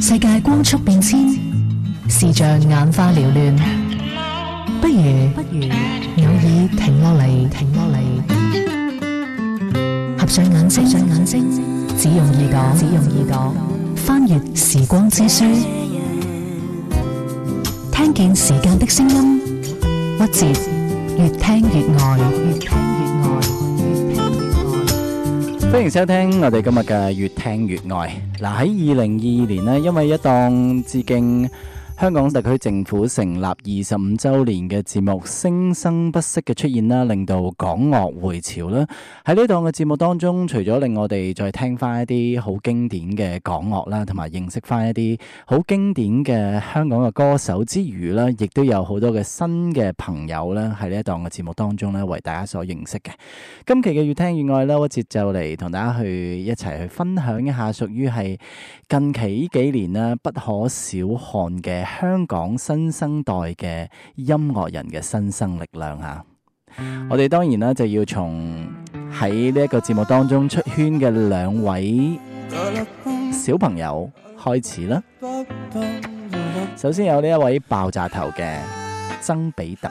世界光速變遷，視像眼花撩亂，不如不如，偶爾停落嚟，停落嚟，合上眼睛，上眼睛，只用耳朵，只用耳朵，翻閱時光之書，聽見時間的聲音，不折，越聽越愛。歡迎收聽我哋今日嘅越聽越愛。嗱，喺二零二二年呢，因為一檔致敬。香港特區政府成立二十五周年嘅節目聲生不息嘅出現啦，令到港樂回潮啦。喺呢檔嘅節目當中，除咗令我哋再聽翻一啲好經典嘅港樂啦，同埋認識翻一啲好經典嘅香港嘅歌手之餘呢，亦都有好多嘅新嘅朋友呢，喺呢一檔嘅節目當中呢，為大家所認識嘅。今期嘅越聽越愛呢，我接就嚟同大家去一齊去分享一下，屬於係近期呢幾年啦，不可小看嘅。香港新生代嘅音樂人嘅新生力量吓！我哋當然啦，就要從喺呢一個節目當中出圈嘅兩位小朋友開始啦。首先有呢一位爆炸頭嘅曾比特。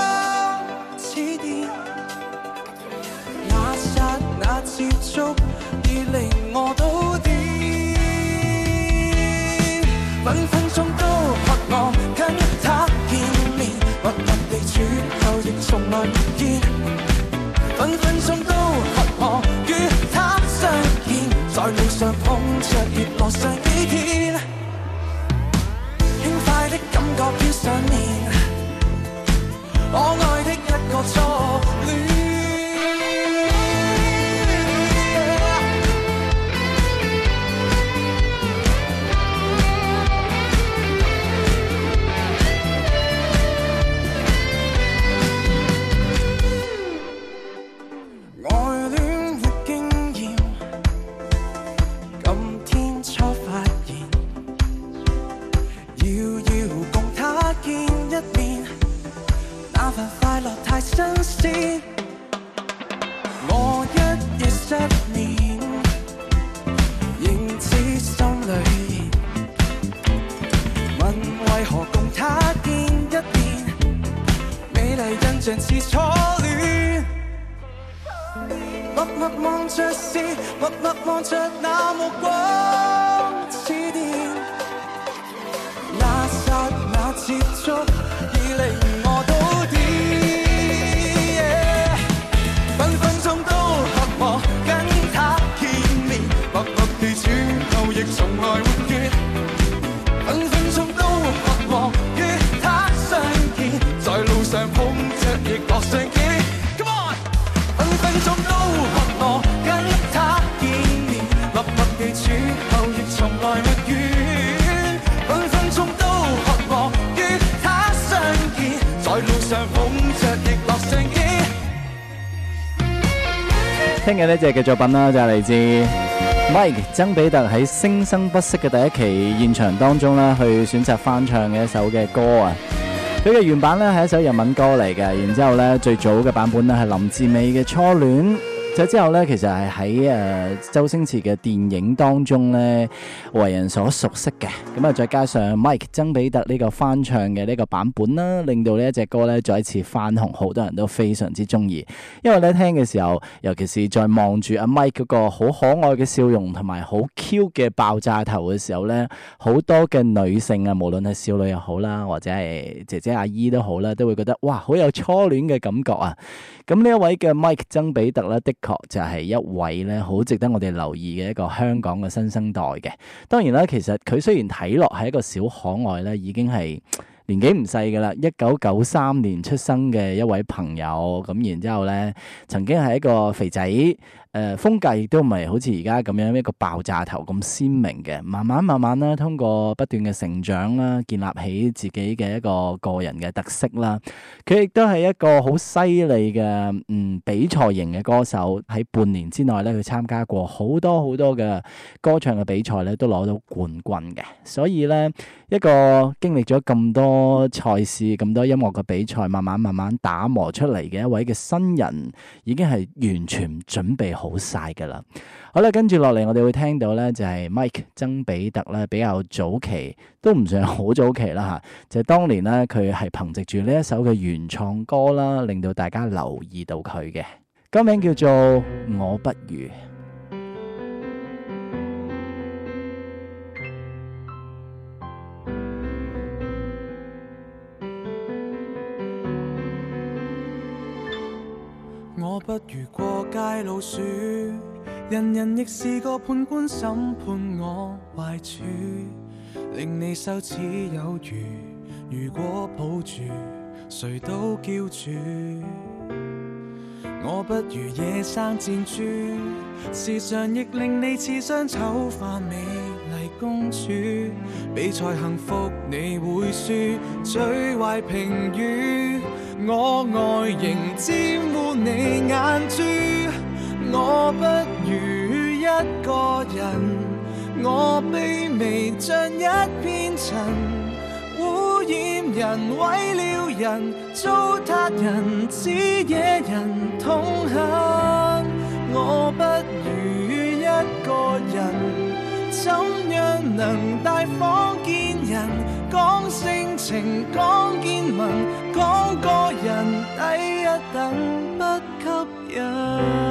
隻嘅作品啦，就係嚟自 Mike 曾比特喺《聲生不息》嘅第一期現場當中咧，去選擇翻唱嘅一首嘅歌啊！佢嘅原版咧係一首日文歌嚟嘅，然之後咧，最早嘅版本咧係林志美嘅《初戀》。就之後咧，其實係喺誒周星馳嘅電影當中咧，為人所熟悉嘅。咁啊，再加上 Mike 曾比特呢個翻唱嘅呢個版本啦，令到呢一隻歌咧再一次翻紅，好多人都非常之中意。因為咧聽嘅時候，尤其是在望住阿 Mike 嗰個好可愛嘅笑容同埋好 Q 嘅爆炸頭嘅時候咧，好多嘅女性啊，無論係少女又好啦，或者係姐姐阿姨都好啦，都會覺得哇，好有初戀嘅感覺啊！咁呢一位嘅 Mike 曾比特咧的。確就係一位咧，好值得我哋留意嘅一個香港嘅新生代嘅。當然啦，其實佢雖然睇落係一個小可愛咧，已經係年紀唔細㗎喇，一九九三年出生嘅一位朋友。咁然之後咧，曾經係一個肥仔。誒、呃，風格亦都唔係好似而家咁樣一個爆炸頭咁鮮明嘅，慢慢慢慢啦，通過不斷嘅成長啦，建立起自己嘅一個個人嘅特色啦。佢亦都係一個好犀利嘅，嗯，比賽型嘅歌手。喺半年之內咧，佢參加過好多好多嘅歌唱嘅比賽咧，都攞到冠軍嘅。所以咧，一個經歷咗咁多賽事、咁多音樂嘅比賽，慢慢慢慢打磨出嚟嘅一位嘅新人，已經係完全準備好。好晒噶啦，好啦，跟住落嚟我哋會聽到咧就係 Mike 曾比特咧比較早期都唔算好早期啦吓，就係當年咧佢係憑藉住呢一首嘅原創歌啦，令到大家留意到佢嘅，歌名叫做《我不如》。老鼠，人人亦是個判官審，審判我壞處，令你羞恥有餘。如果抱住，誰都叫住我不如野生箭豬，時常亦令你刺傷醜化美麗公主。比賽幸福你，你會輸，最壞評語，我外形沾污你眼珠。我不如一個人，我卑微微像一片塵，污染人、毀了人、糟蹋人、只惹人痛恨。我不如一個人，怎樣能大方見人？講性情、講見聞、講個人，低一等不吸引。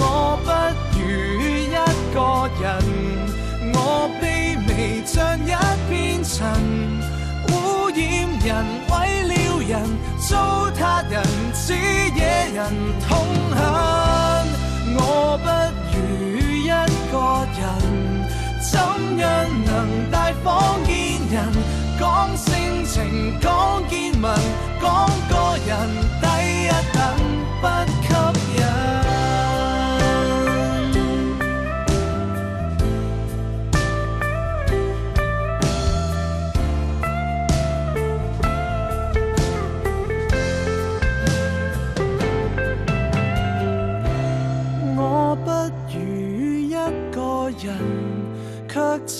我不如一個人，我卑微像一片塵，污染人，毀了人，糟蹋人，只惹人痛恨。我不如一個人，怎樣能大方見人？講性情，講見聞，講個人低一等不吸引。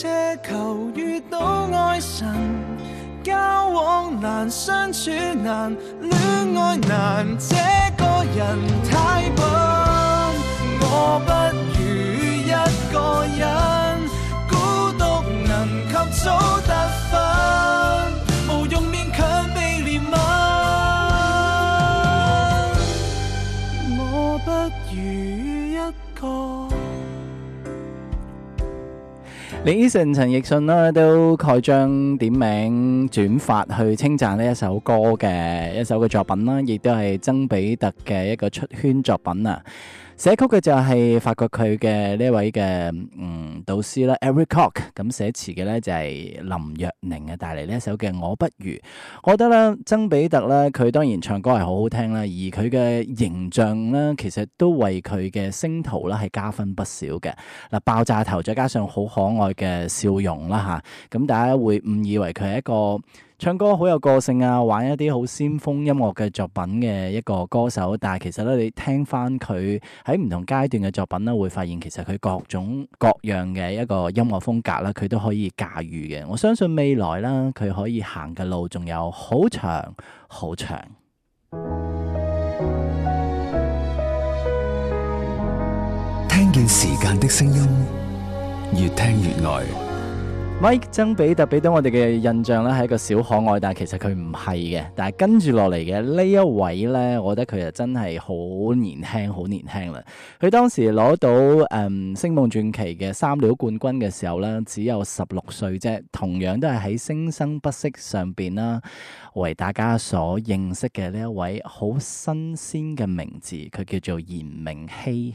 奢求遇到愛神，交往難，相處難，戀愛難，這個人太笨，我不如一個人。李奕迅、陳奕迅呢都蓋章點名轉發去稱讚呢一首歌嘅一首嘅作品啦，亦都係曾比特嘅一個出圈作品啊！寫曲嘅就係發掘佢嘅呢一位嘅，嗯導師啦，Eric Kwok。咁寫詞嘅咧就係林若寧啊，帶嚟呢一首嘅《我不如》。我覺得咧，曾比特咧，佢當然唱歌係好好聽啦，而佢嘅形象咧，其實都為佢嘅星途啦係加分不少嘅。嗱，爆炸頭再加上好可愛嘅笑容啦吓，咁、啊、大家會誤以為佢係一個。唱歌好有個性啊，玩一啲好先鋒音樂嘅作品嘅一個歌手，但係其實咧，你聽翻佢喺唔同階段嘅作品呢，會發現其實佢各種各樣嘅一個音樂風格啦，佢都可以駕馭嘅。我相信未來啦，佢可以行嘅路仲有好長好長。長聽見時間的聲音，越聽越耐。Mike 曾比特俾到我哋嘅印象咧，係一個小可愛，但係其實佢唔係嘅。但係跟住落嚟嘅呢一位咧，我覺得佢就真係好年輕，好年輕啦。佢當時攞到誒、嗯《星夢傳奇》嘅三料冠軍嘅時候咧，只有十六歲啫。同樣都係喺《聲生不息》上邊啦，為大家所認識嘅呢一位好新鮮嘅名字，佢叫做炎明熹。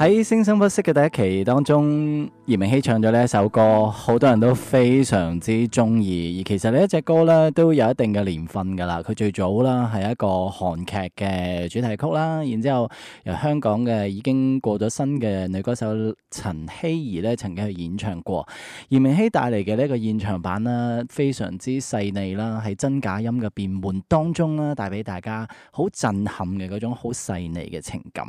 喺《聲生不息》嘅第一期當中，炎明熹唱咗呢一首歌，好多人都非常之中意。而其實呢一隻歌咧，都有一定嘅年份噶啦。佢最早啦係一個韓劇嘅主題曲啦，然之後由香港嘅已經過咗身嘅女歌手陳僖儀咧，曾經去演唱過。炎明熹帶嚟嘅呢一個現場版啦，非常之細膩啦，喺真假音嘅變換當中啦，帶俾大家好震撼嘅嗰種好細膩嘅情感。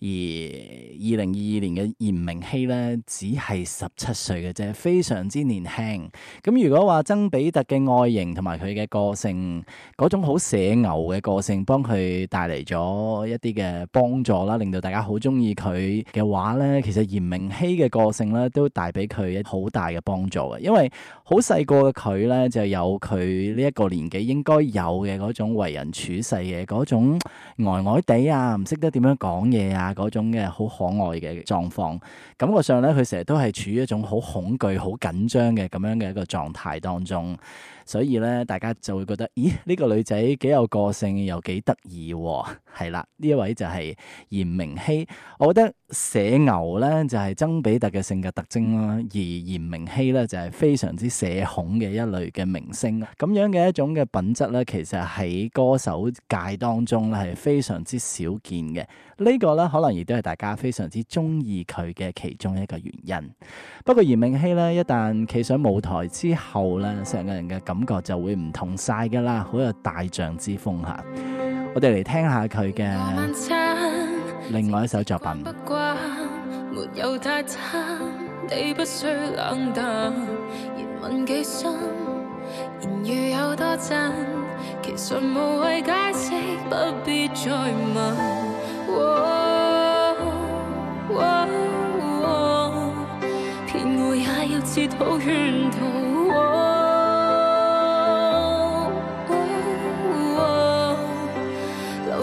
而二零二二年嘅炎明熹咧，只係十七歲嘅啫，非常之年輕，咁如果話曾比特嘅外形同埋佢嘅個性，種好社牛嘅個性，幫佢帶嚟咗一啲嘅幫助啦，令到大家好中意佢嘅話咧，其實炎明熹嘅個性咧，都帶俾佢好大嘅幫助啊，因為好細個嘅佢咧，就有佢呢一個年紀應該有嘅種為人處世嘅種呆呆哋啊，唔識得點樣講嘢啊。嗰種嘅好可愛嘅狀況，感覺上咧，佢成日都係處於一種好恐懼、好緊張嘅咁樣嘅一個狀態當中。所以咧，大家就會覺得，咦？呢、這個女仔幾有個性，又幾得意喎，係啦、啊。呢一位就係炎明熹，我覺得社牛咧就係、是、曾比特嘅性格特徵啦，而炎明熹咧就係、是、非常之社恐嘅一類嘅明星，咁樣嘅一種嘅品質咧，其實喺歌手界當中咧係非常之少見嘅。這個、呢個咧可能亦都係大家非常之中意佢嘅其中一個原因。不過炎明熹咧一旦企上舞台之後咧，成個人嘅感感覺就會唔同晒噶啦，好有大將之風吓。我哋嚟聽下佢嘅另外一首作品。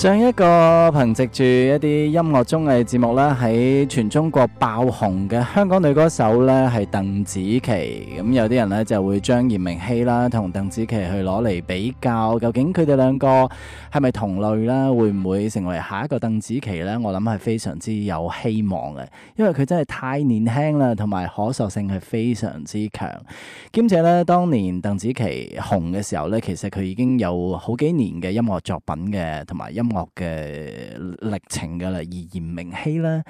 上一個憑藉住一啲音樂綜藝節目咧，喺全中國爆紅嘅香港女歌手呢係鄧紫棋，咁、嗯、有啲人呢就會將炎明熹啦同鄧紫棋去攞嚟比較，究竟佢哋兩個係咪同類呢？會唔會成為下一個鄧紫棋呢？我諗係非常之有希望嘅，因為佢真係太年輕啦，同埋可塑性係非常之強，兼且呢，當年鄧紫棋紅嘅時候呢，其實佢已經有好幾年嘅音樂作品嘅，同埋音。音樂嘅歷程噶啦，而炎明熹咧，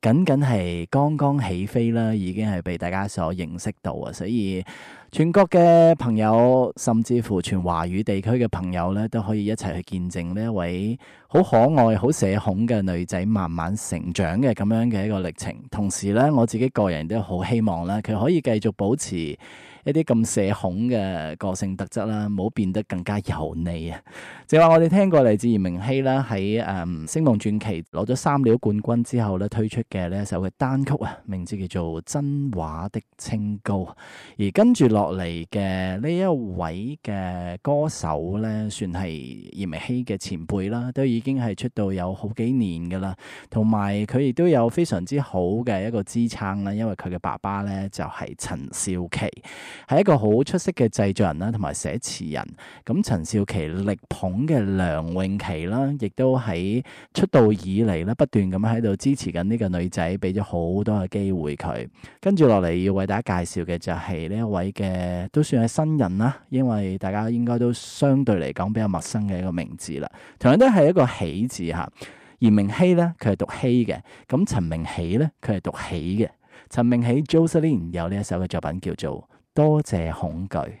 僅僅係剛剛起飛啦，已經係被大家所認識到啊，所以全國嘅朋友，甚至乎全華語地區嘅朋友咧，都可以一齊去見證呢一位好可愛、好社恐嘅女仔慢慢成長嘅咁樣嘅一個歷程。同時咧，我自己個人都好希望咧，佢可以繼續保持。一啲咁社恐嘅個性特質啦，冇變得更加油膩啊！正話我哋聽過嚟自炎明熹啦，喺誒、嗯《星夢傳奇》攞咗三料冠軍之後咧，推出嘅呢一首嘅單曲啊，名字叫做《真話的清高》。而跟住落嚟嘅呢一位嘅歌手咧，算係炎明熹嘅前輩啦，都已經係出道有好幾年噶啦，同埋佢亦都有非常之好嘅一個支撐啦，因為佢嘅爸爸咧就係、是、陳少琪。係一個好出色嘅製作人啦，同埋寫詞人。咁陳少琪力捧嘅梁詠琪啦，亦都喺出道以嚟咧不斷咁喺度支持緊呢個女仔，俾咗好多嘅機會佢。跟住落嚟要為大家介紹嘅就係呢一位嘅都算係新人啦，因為大家應該都相對嚟講比較陌生嘅一個名字啦。同樣都係一個「喜」字吓，炎明熹咧佢係讀希嘅，咁陳明憙咧佢係讀「喜」嘅。陳明憙 Jocelyn 有呢一首嘅作品叫做。多謝恐懼。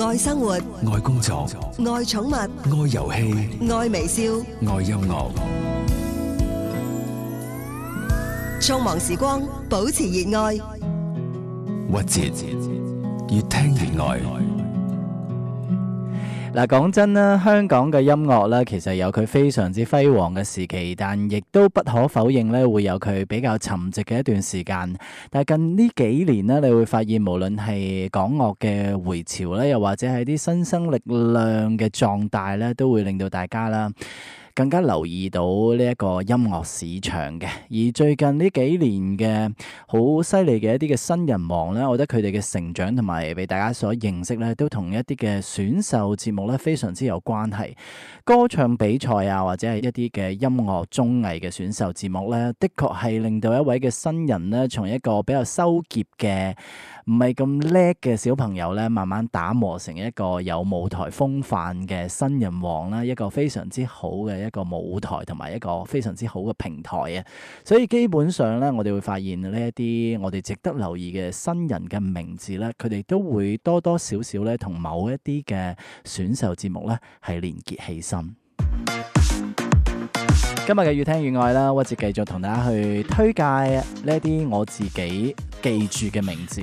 愛生活，愛工作，愛寵物，愛遊戲，愛微笑，愛音樂。匆忙時光，保持熱愛。曲折，越聽越愛。嗱，講真啦，香港嘅音樂咧，其實有佢非常之輝煌嘅時期，但亦都不可否認咧，會有佢比較沉寂嘅一段時間。但係近呢幾年咧，你會發現無論係港樂嘅回潮咧，又或者係啲新生力量嘅壯大咧，都會令到大家啦。更加留意到呢一個音樂市場嘅，而最近呢幾年嘅好犀利嘅一啲嘅新人王咧，我覺得佢哋嘅成長同埋被大家所認識咧，都同一啲嘅選秀節目咧非常之有關係。歌唱比賽啊，或者係一啲嘅音樂綜藝嘅選秀節目咧，的確係令到一位嘅新人咧，從一個比較羞澀嘅。唔係咁叻嘅小朋友咧，慢慢打磨成一個有舞台風範嘅新人王啦，一個非常之好嘅一個舞台同埋一個非常之好嘅平台啊！所以基本上咧，我哋會發現呢一啲我哋值得留意嘅新人嘅名字咧，佢哋都會多多少少咧同某一啲嘅選秀節目咧係連結起身。今日嘅越聽越愛啦，我哋繼續同大家去推介呢一啲我自己記住嘅名字。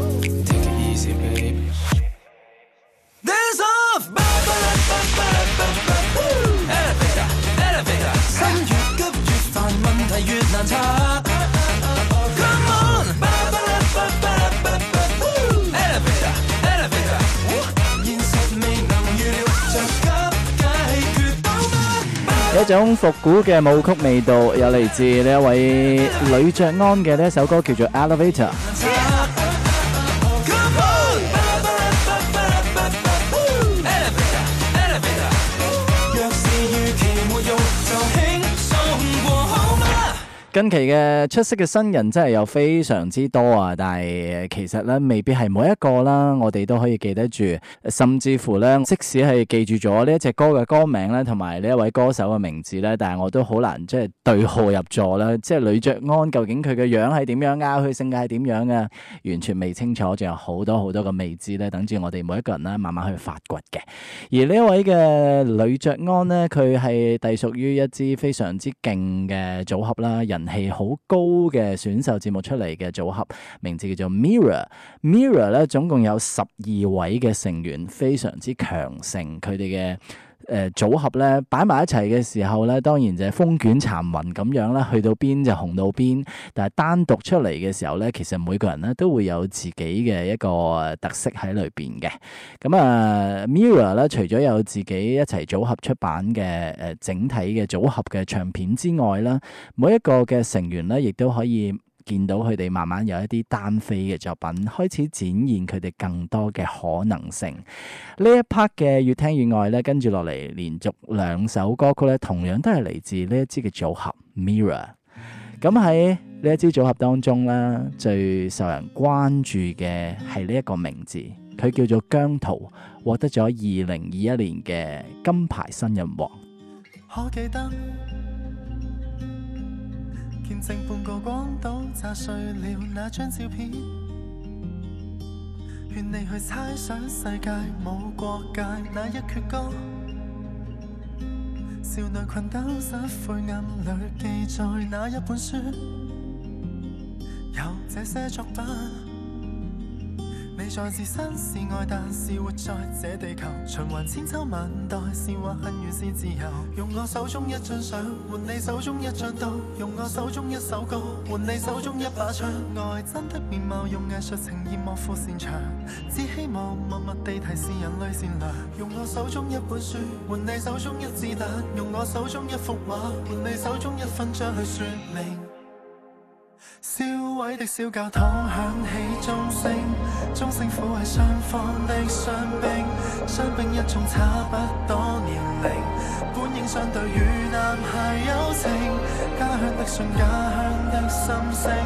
一種復古嘅舞曲味道，又嚟自呢一位呂卓安嘅呢一首歌，叫做《Elevator》。近期嘅出色嘅新人真係有非常之多啊！但係其實咧，未必係每一個啦，我哋都可以記得住，甚至乎咧，即使係記住咗呢一隻歌嘅歌名咧，同埋呢一位歌手嘅名字咧，但係我都好難即係對號入座啦！即係呂爵安究竟佢嘅樣係點樣啊？佢性格係點樣嘅，完全未清楚，仲有好多好多嘅未知咧，等住我哋每一個人咧，慢慢去發掘嘅。而呢一位嘅呂爵安咧，佢係隸屬於一支非常之勁嘅組合啦，人。人氣好高嘅選秀節目出嚟嘅組合，名字叫做 Mirror。Mirror 呢，總共有十二位嘅成員，非常之強盛，佢哋嘅。誒、呃、組合咧擺埋一齊嘅時候咧，當然就係風捲殘雲咁樣啦，去到邊就紅到邊。但係單獨出嚟嘅時候咧，其實每個人咧都會有自己嘅一個特色喺裏邊嘅。咁、嗯、啊，Mirror 咧，除咗有自己一齊組合出版嘅誒、呃、整體嘅組合嘅唱片之外啦，每一個嘅成員咧，亦都可以。見到佢哋慢慢有一啲單飛嘅作品，開始展現佢哋更多嘅可能性。呢一 part 嘅越聽越愛咧，跟住落嚟連續兩首歌曲咧，同樣都係嚟自呢一支嘅組合 Mirror。咁喺呢一支組合當中咧，最受人關注嘅係呢一個名字，佢叫做姜濤，獲得咗二零二一年嘅金牌新人王。記得見證半個廣島，炸碎了那張照片。勸你去猜想世界無國界那一闕歌。少女裙兜失悔暗裡記載那一本書。有這些作品。你才是真是愛，但是活在這地球循環千秋萬代，是或恨怨是自由。用我手中一張相，換你手中一張刀；用我手中一首歌，換你手中一把槍。愛真的面貌，用藝術情意莫負擅長，只希望默默地提示人類善良。用我手中一本書，換你手中一子彈；用我手中一幅畫，換你手中一分章去說明。燒毀的小教堂響起鐘聲，鐘聲撫慰雙方的傷兵，傷兵一眾差不多年齡，本應相對與男孩友情。家鄉的信，家鄉的心聲，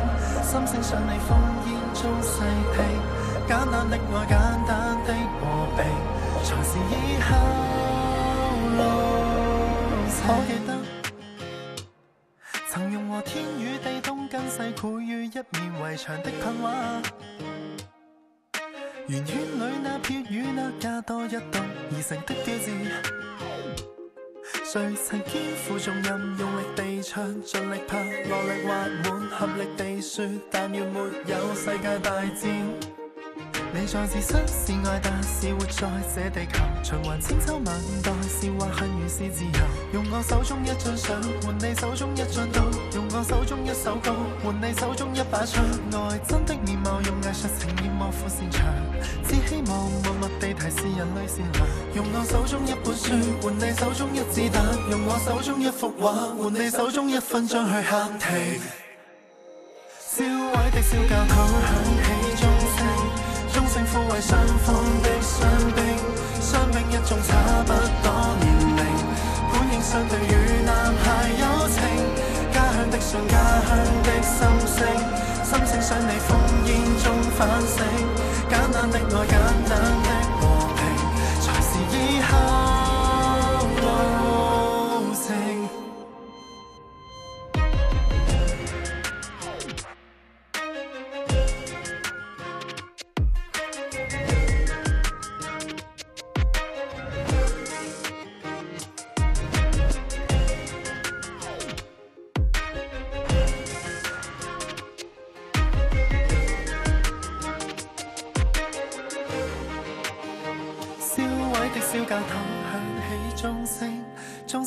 心聲想你烽煙中細聽，簡單的愛，簡單的和平，才是以後路。一面圍牆的噴畫，圓圈裡那撇雨那也多一道而成的句子。誰曾肩負重任，用力地唱，盡力拍，落力畫滿，合力地説，但願沒有世界大戰。你在自殺是愛，但是活在這地球循環千秋萬代。笑或恨與是自由，用我手中一張相換你手中一張刀，用我手中一首歌換你手中一把槍。愛真的面貌，用藝術呈現莫負善長，只希望默默地提示人類善良。用我手中一本書換你手中一子彈，用我手中一幅畫換你手中一分鐘去喊停，燒毀的小教堂響起。撫慰傷風的傷兵，傷兵一眾差不多年齡。本應相對，與男孩友情，家鄉的信，家鄉的心聲，心聲想你烽煙中反省，簡單的愛，簡單的和平，才是以後。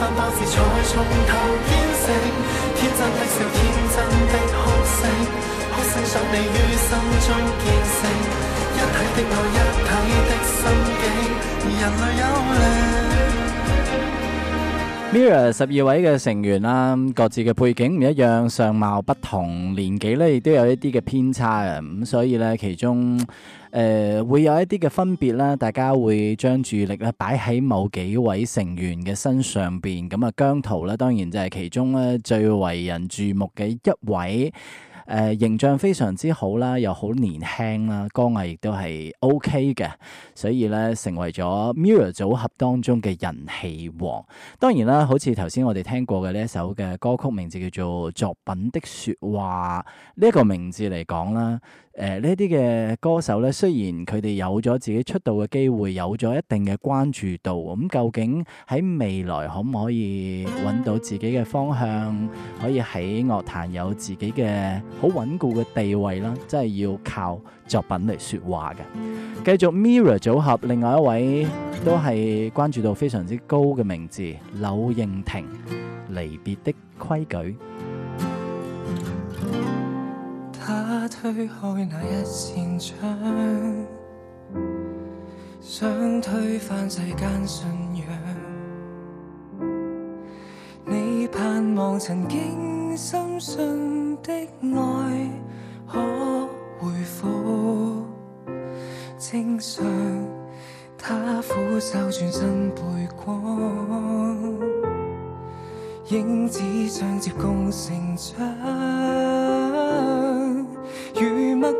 天天天性天真嘅笑，Mirror, 天真嘅哭聲，哭聲於心中見，一體嘅愛，一體嘅心境，人類 Mirror 十二位嘅成員啦，各自嘅背景唔一樣，相貌不同，年紀呢亦都有一啲嘅偏差嘅咁，所以呢，其中。誒、呃、會有一啲嘅分別啦，大家會將注意力咧擺喺某幾位成員嘅身上邊，咁啊姜濤咧當然就係其中咧最為人注目嘅一位。誒、呃、形象非常之好啦，又好年輕啦，歌藝亦都係 OK 嘅，所以咧成為咗 Mirror 組合當中嘅人氣王。當然啦，好似頭先我哋聽過嘅呢一首嘅歌曲名字叫做《作品的説話》呢一、這個名字嚟講啦，誒呢啲嘅歌手咧，雖然佢哋有咗自己出道嘅機會，有咗一定嘅關注度，咁究竟喺未來可唔可以揾到自己嘅方向，可以喺樂壇有自己嘅好穩固嘅地位啦，真係要靠作品嚟說話嘅。繼續 Mirror 組合，另外一位都係關注度非常之高嘅名字，柳應廷，《離別的規矩》。他推開那一扇窗，想推翻世間信仰。你盼望曾經深信的愛，可回復正常？他俯首轉身背光，影子相接共成長，如墨。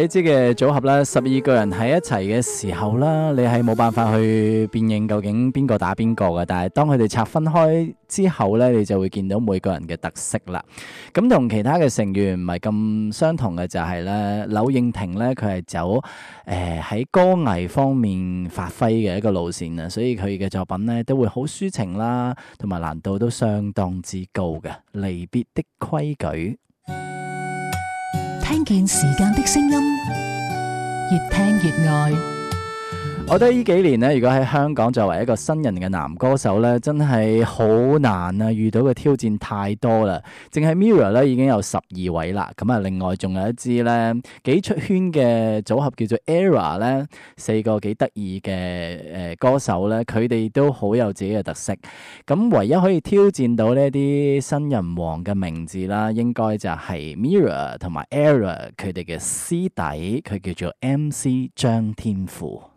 你知嘅組合啦，十二個人喺一齊嘅時候啦，你係冇辦法去辨認究竟邊個打邊個嘅。但係當佢哋拆分開之後呢，你就會見到每個人嘅特色啦。咁同其他嘅成員唔係咁相同嘅就係、是、咧，柳應廷呢，佢係走誒喺、呃、歌藝方面發揮嘅一個路線啊，所以佢嘅作品呢，都會好抒情啦，同埋難度都相當之高嘅。離別的規矩。聽見時間的聲音，越聽越愛。我覺得呢幾年咧，如果喺香港作為一個新人嘅男歌手咧，真係好難啊！遇到嘅挑戰太多啦。淨係 Mirror 咧已經有十二位啦，咁啊，另外仲有一支咧幾出圈嘅組合叫做 ERROR 咧，四個幾得意嘅誒歌手咧，佢哋都好有自己嘅特色。咁、嗯、唯一可以挑戰到呢一啲新人王嘅名字啦，應該就係 Mirror 同埋 ERROR 佢哋嘅師弟，佢叫做 M.C. 張天賦。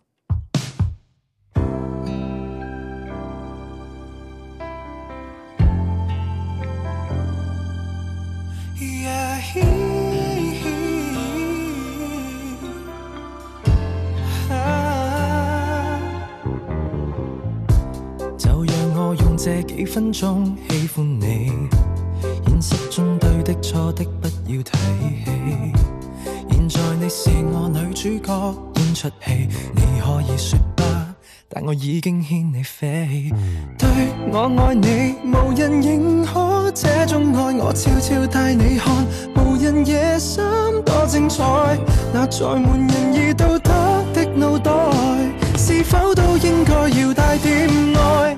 這幾分鐘喜歡你，現實中對的錯的不要提起。現在你是我女主角，演出戲，你可以說吧，但我已經牽你飛。對我愛你，無人認可這種愛，我悄悄帶你看，無人野心多精彩，那載滿仁義道德的腦袋，是否都應該要帶點愛？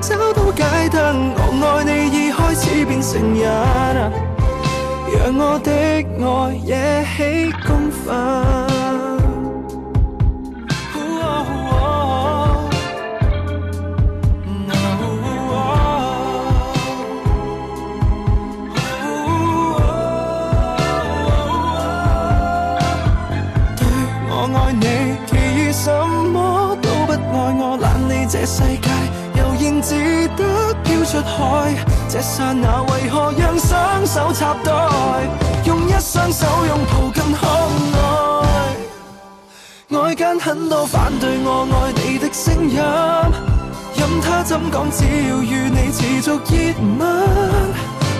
找到街燈，我愛你已開始變成癮。讓我的愛惹起公憤。對我愛你，其餘什麼都不愛，我懶理這世界。然自得漂出海，這剎那為何讓雙手插袋？用一雙手擁抱更可愛。外間很多反對我愛你的聲音，任他怎講，只要與你持續熱吻，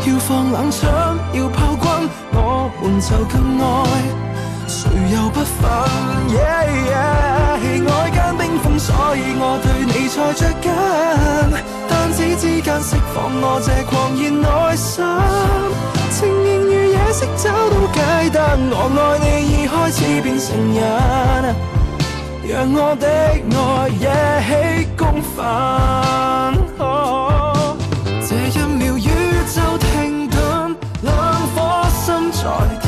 要放冷槍，要炮轟，我們就更愛。誰又不忿？Yeah, yeah. 外間冰封，所以我對你才着緊。彈指之間釋放我這狂熱內心，情形如夜色找到解答。我愛你已開始變成癮，讓我的愛一起公憤。Oh, oh. 這一秒宇宙停頓，兩顆心在。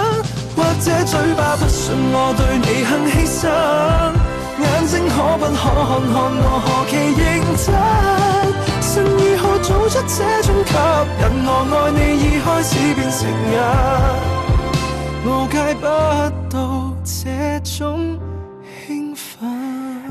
或者嘴巴不不不信我我我對你你犧牲眼睛可不可看看我何其認真做出這這種種吸引愛你已開始變成到這種興奮。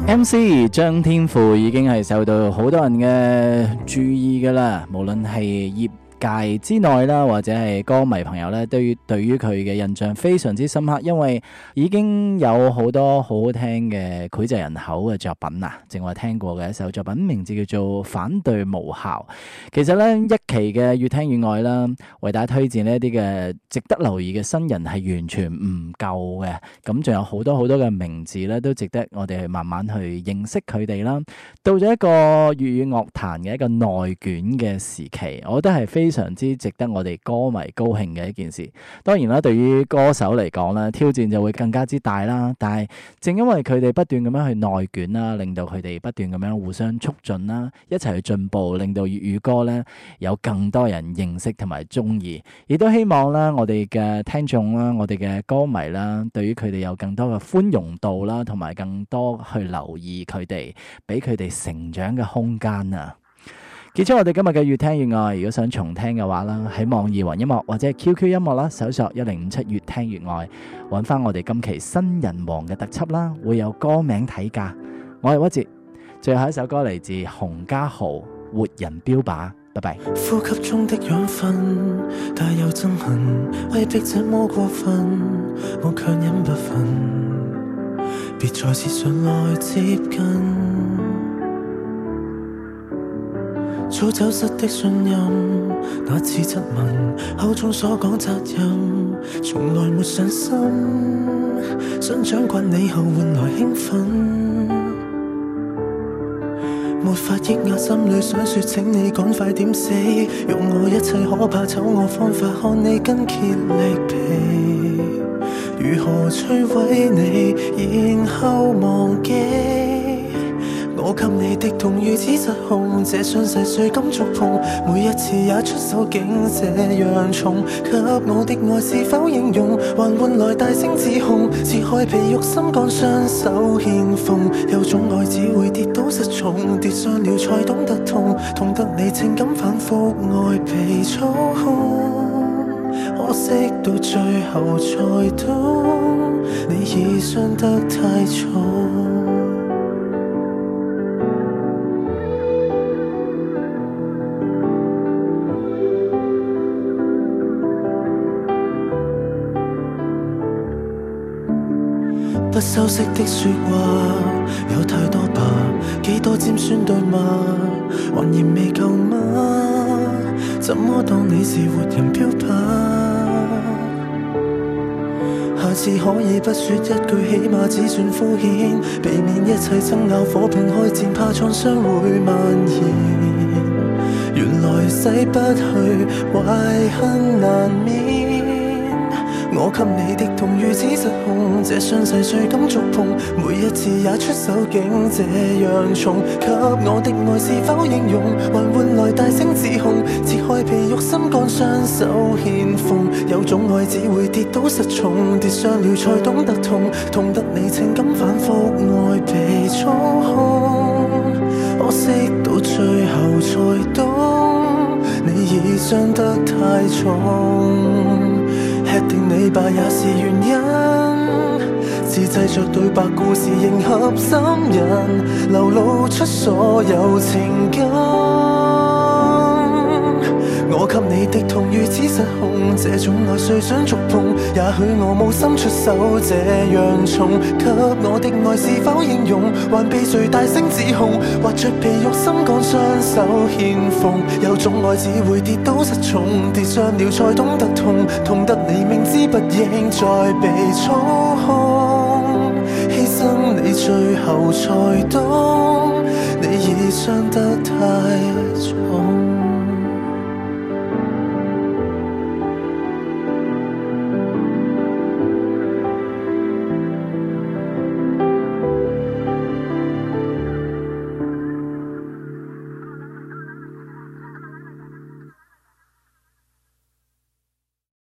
M.C. 張天賦已經係受到好多人嘅注意噶啦，無論係業界之內啦，或者係歌迷朋友咧，對於對於佢嘅印象非常之深刻，因為已經有好多好好聽嘅膾炙人口嘅作品啊，正話聽過嘅一首作品名字叫做《反對無效》。其實咧一期嘅越聽越愛啦，為大家推薦呢一啲嘅值得留意嘅新人係完全唔夠嘅，咁仲有好多好多嘅名字咧都值得我哋去慢慢去認識佢哋啦。到咗一個粵語樂，樂壇嘅一個內卷嘅時期，我覺得係非。非常之值得我哋歌迷高興嘅一件事，當然啦，對於歌手嚟講咧，挑戰就會更加之大啦。但係正因為佢哋不斷咁樣去內卷啦，令到佢哋不斷咁樣互相促進啦，一齊去進步，令到粵語歌咧有更多人認識同埋中意，亦都希望啦，我哋嘅聽眾啦，我哋嘅歌迷啦，對於佢哋有更多嘅寬容度啦，同埋更多去留意佢哋，俾佢哋成長嘅空間啊！結束我哋今日嘅越聽越愛，如果想重聽嘅話啦，喺網易雲音樂或者 QQ 音樂啦，搜索一零五七越聽越愛，揾翻我哋今期新人王嘅特輯啦，會有歌名睇噶。我係屈哲，最後一首歌嚟自洪嘉豪，活人標靶，拜拜。呼吸中的養分，分，分。但又憎恨，忍別再次上來接近早走失的信任，那次質問口中所講責任，從來沒上心。想掌摑你後換來興奮，沒法抑壓心裏想說：請你趕快點死，用我一切可怕醜惡方法看你筋竭力疲，如何摧毀你，然後忘記。給你的痛如此失控，這傷勢誰敢觸碰？每一次也出手竟這樣重，給我的愛是否應用？還換來大聲指控，撕開皮肉心肝，雙手欠奉。有種愛只會跌倒失重，跌傷了才懂得痛，痛得你情感反覆，愛被操控。可惜到最後才懂，你已傷得太重。修飾的説話有太多吧，幾多尖酸對罵還嫌未夠嗎？怎麼當你是活人標靶？下次可以不說一句，起碼只算敷衍，避免一切爭拗火拼開戰，怕創傷會蔓延。原來洗不去，懷恨難免。我給你的痛如此失控，這傷勢誰敢觸碰？每一次也出手竟這樣重，給我的愛是否英勇，還換來大聲指控？切開皮肉心肝，雙手獻奉。有種愛只會跌倒失重，跌傷了才懂得痛，痛得你情感反覆，愛被操控。可惜到最後才懂，你已傷得太重。吃定你吧，也是原因。自製着對白故事，迎合心人，流露出所有情感。我給你的痛如此失控，這種愛誰想觸碰？也許我無心出手這樣重，給我的愛是否英勇？還被誰大聲指控？挖着皮肉心肝雙手獻奉。有種愛只會跌倒失重，跌傷了才懂得痛，痛得你明知不應再被操控，犧牲你最後才懂，你已傷得太重。